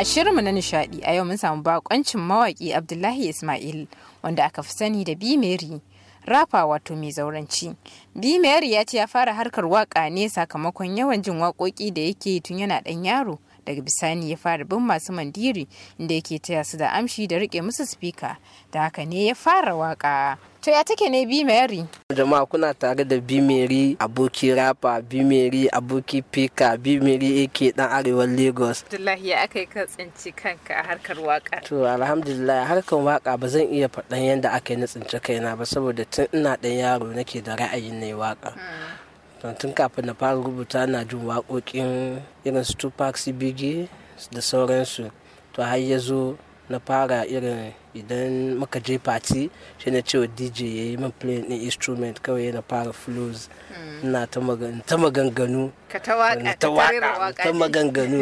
A shirinmu na nishadi a yau mun samu bakoncin mawaki Abdullahi Ismail wanda aka fi sani da bi Mary rafa wato mai zauranci. bi Mary ya ce ya fara harkar waka ne sakamakon yawan jin wakoki da yake tun yana dan yaro. Daga bisani ya fara bin masu mandiri inda yake taya su da amshi da rike musu spika da haka ne ya fara waka. To ya take ne bi Mary? jama'a kuna tare da bimeri aboki rapa bimeri aboki pika bimeri ake dan arewa lagos abdullahi ya aka yi ka tsinci kanka a harkar waka to alhamdulillah harkar waka ba zan iya faɗan yadda aka yi na tsinci kaina ba saboda tun ina ɗan yaro nake da ra'ayin na waka hmm. tun kafin na fara rubuta na jin waƙoƙin irin su tupac cbg da sauransu to har ya zo na fara irin idan muka je party shi na cewa dj ya yi min play ɗin instrument kawai yana fara flows hmm. na ta maganganu ta maganganu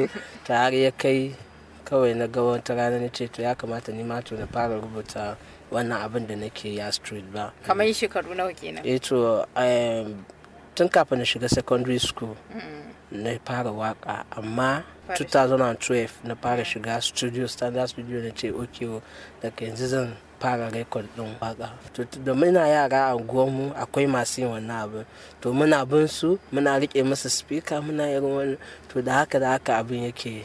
ta har ya kai kawai na ga wata rana na ce to ya kamata ni ma to na fara rubuta wannan abin da nake ya street ba kamar shekaru nawa kenan eh to tun kafin na shiga secondary school hmm. na fara waka amma 2012 na fara shiga studio standard studio na ce ok da yanzu zan fara rekod din waka to da muna yara a mu akwai masu yin wannan abin to muna bin su muna rike masa speaker muna irin wani to da haka da haka abin yake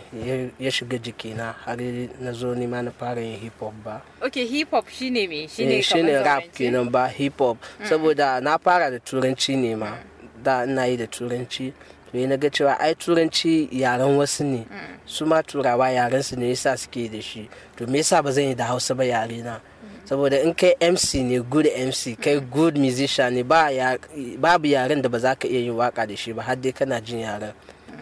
ya shiga jiki na har na zo nima na fara yin hip hop ba ok hip hop shine me shine eh, shine rap kenan ba hip hop mm. saboda na fara da turanci ne ma da ina yi da turanci mai naga cewa ai turanci yaren wasu ne mm. su ma turawa yaren su ne yasa suke da shi to me yasa ba zan yi da hausa ba yare na mm. saboda in kai mc ne good mc kai mm. good musician ne babu yaren da ba za ka iya yin waka da shi ba har dai kana jin yaren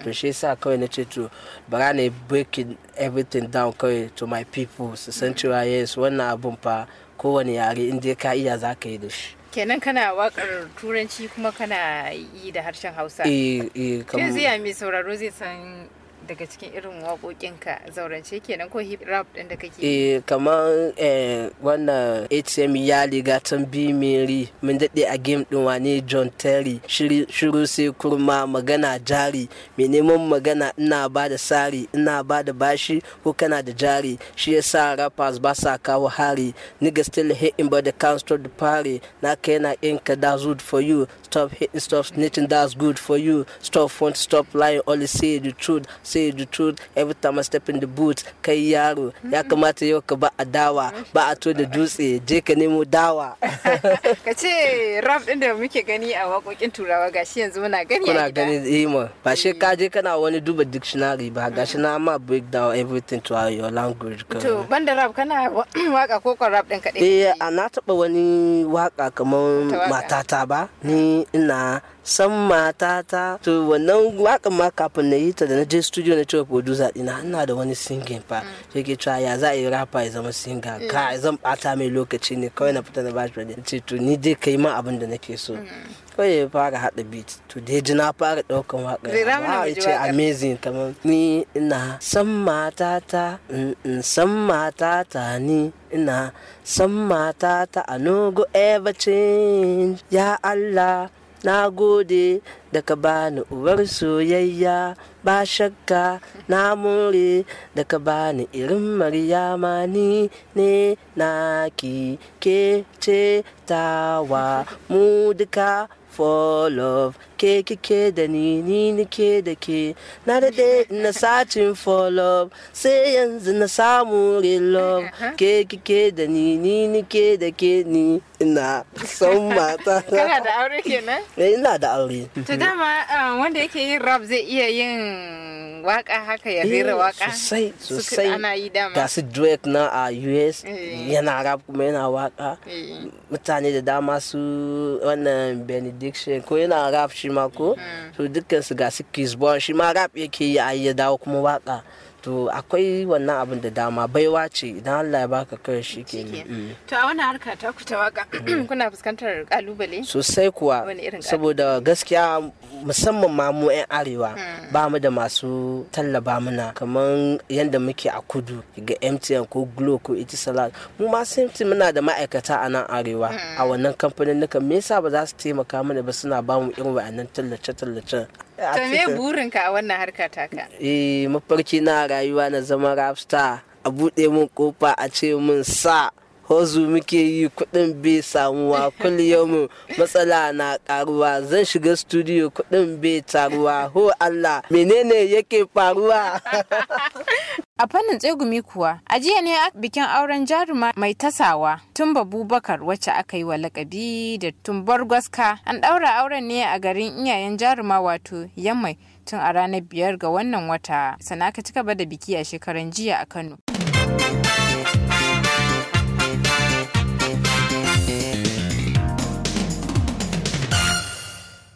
to shi yasa kawai na ce to bara na breaking everything down kawai to my people su san cewa yes wannan abun fa kowane yare in dai ka iya za ka yi da shi kenan kana wakar turanci kuma kana yi da harshen hausa eh eh kamar zai mai sauraro zai san daga cikin irin waƙoƙinka zaurance kenan ko hip rap ɗin da kake eh kamar eh, wannan HM ya liga tan bi meri mun daɗe a game ɗin wane John Terry shiru sai kurma magana jari mai neman magana ina ba da sari ina ba da bashi ko kana da jari shi yasa rappers ba sa kawo hari still hitting but the can't stop the party na kai na that's good for you stop hitting stop snitching that's good for you stop won't stop lying only say the truth say say the truth every time I step in the boots. kai yaro ya kamata yau ka ba a dawa ba a to da dutse je ka nemo dawa ka ce rap din da muke gani a waƙoƙin turawa gashi yanzu muna gani kuna gani eh ma ba shi ka je eh. kana wani duba dictionary ba gashi na ma break down everything to your language to banda rap kana waka ko rap din kadai eh na taɓa wani waka kamar matata ba ni ina san matata to wannan wakan ma kafin na yi ta da na je studio na cewa producer dina ina da wani singing fa sai mm. ke cewa ya za a yi rapper ya zama singer mm. ka zan bata mai lokaci ne kawai na fita na bashi ba ce to ni dai kai ma abin da nake so mm. kawai ya fara haɗa beat to dai ji na fara ɗaukan wakan ya ce amazing kamar ni ina san matata in san matata ni ina san matata anogo ever change ya Allah na gode da ka bani uwar soyayya ba shakka na more da ka bani irin maryama ni ne naki ke ce tawa mu duka for love ke kike da ni ni nike da ke na daɗe na satin for love sai yanzu na samu real love uh-huh. ke kike da ni ni nike da ke ni ina son mata kana da aure kenan eh, ina da aure to dama ah, wanda yake yin rap zai iya yin waka haka ya rera eh, waka sosai sosai ana yi dama ga su drake na a us eh. yana rap kuma yana waka eh. mutane da dama su wannan benediction ko yana rap shi ma ko mm. to dukkan su ga su kisbon shi ma rap yake yi a ya dawo kuma waka to akwai wannan abin da dama baiwa ce idan Allah ya baka kai shi ke mm. to a wani harka ta ku ta waka kuna fuskantar kalubale sosai kuwa saboda gaskiya musamman ma mu yan arewa hmm. ba mu da masu tallaba muna kamar yadda muke a kudu ga MTN ko Glo ko Etisalat mu ma simti muna da ma'aikata a nan arewa hmm. a wannan kamfanin me yasa ba za su taimaka mana ba suna ba mu irin wa'annan tallace-tallacen to me burinka a wannan harka taka eh mafarki na rayuwa na zama rap star a buɗe mun kofa a ce mun sa hozu muke yi kuɗin bai samuwa yau matsala na karuwa zan shiga studio kuɗin bai taruwa ho Allah menene yake faruwa a fannin tsegumi kuwa a jiya ne bikin auren jaruma mai tasawa tun babubakar wacce aka yi wa lakabi da tumbar gwaska an ɗaura auren ne a garin iyayen jaruma wato yammai tun a ranar biyar ga wannan wata sana ka cika da biki a shekaran jiya a kano